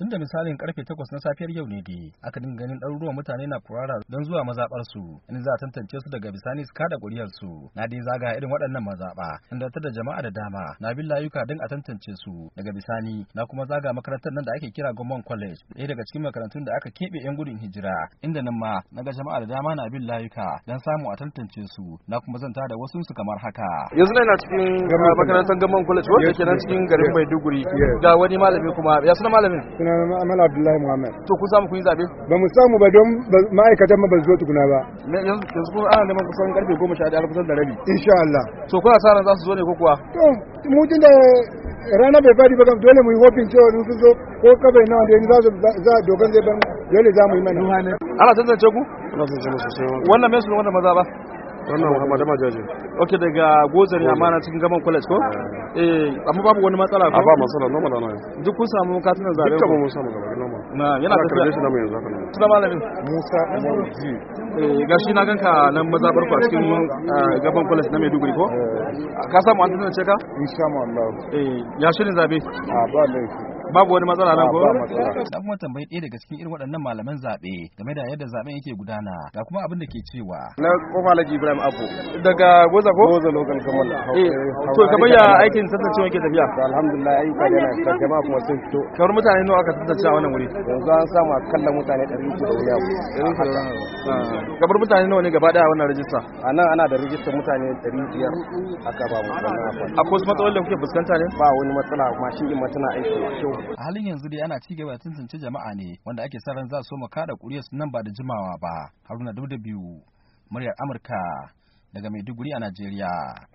tun da misalin karfe 8 na safiyar yau ne dai aka dinga ganin ɗaruruwan mutane na kurara don zuwa mazaɓarsu, su in za a tantance su daga bisani su kada ƙuriyar su na dai zaga irin waɗannan mazaɓa inda ta da jama'a da dama na bin layuka don a tantance su daga bisani na kuma zaga makarantar nan da ake kira Gomon College ɗaya daga cikin makarantun da aka keɓe 'yan gudun hijira inda nan ma na ga jama'a da dama na bin layuka don samu a tantance su na kuma zan da wasu su kamar haka yanzu na cikin ah, makarantar Gomon College wanda ke nan cikin garin Maiduguri ga wani malami kuma ya suna malamin na Malam Abdullahi Muhammad. To kun samu kun yi zabe? Ba mu samu ba don ma'aikatan ma ba zo tukuna ba. Yanzu kuma ana neman kusan karfe goma sha ɗaya kusan da rabi. Insha Allah. To kuna sa ran za su zo ne ko kuwa? To mu tun da rana bai fadi ba dole mu yi hopin cewa in sun zo ko kabai nawa da yanzu za dogon zai ban dole za mu yi mana. Ana tantance ku? Ana tantance mu sosai. Wannan mai su wannan maza ba? wannan muhammadu ma jaji ok daga gozari mana cikin gaban college ko eh. eh amma babu wani matsala ko ba matsala normal ana duk kun samu katunan zabe ko mun samu gaba normal na yana tafiya shi na mu yanzu haka tuna malami musa umaru ji eh gashi na ganka nan mazabar ku a cikin eh, gaban college na maiduguri ko eh. ka samu an ce ka insha Allah eh ya shirin zabe a ba laifi babu wani matsala nan ko na kuma tambayi ɗaya daga cikin irin waɗannan malaman zaɓe game da yadda zaɓen yake gudana ga kuma abin da ke cewa na kofa alhaji ibrahim abu daga goza ko goza logan Kamal. Eh, to kamar ya aikin tantancewa ke tafiya alhamdulillah ayyuka yana kan jama'a kuma sun fito kamar mutane nawa aka tantance a wannan wuri yanzu an samu kalla mutane 300 da wuya ah. kamar mutane nawa ne gaba daya wannan rajista a nan ana da rajistar mutane 500 aka ba mu a kusa matsalolin da kuke fuskanta ne ba wani matsala mashin din ma tana aiki kyau a halin yanzu dai ana ci gaba tantance jama'a ne wanda ake sa ran za su kada kuriyar nan ba da jimawa ba haruna da biyu muryar amurka daga maiduguri a najeriya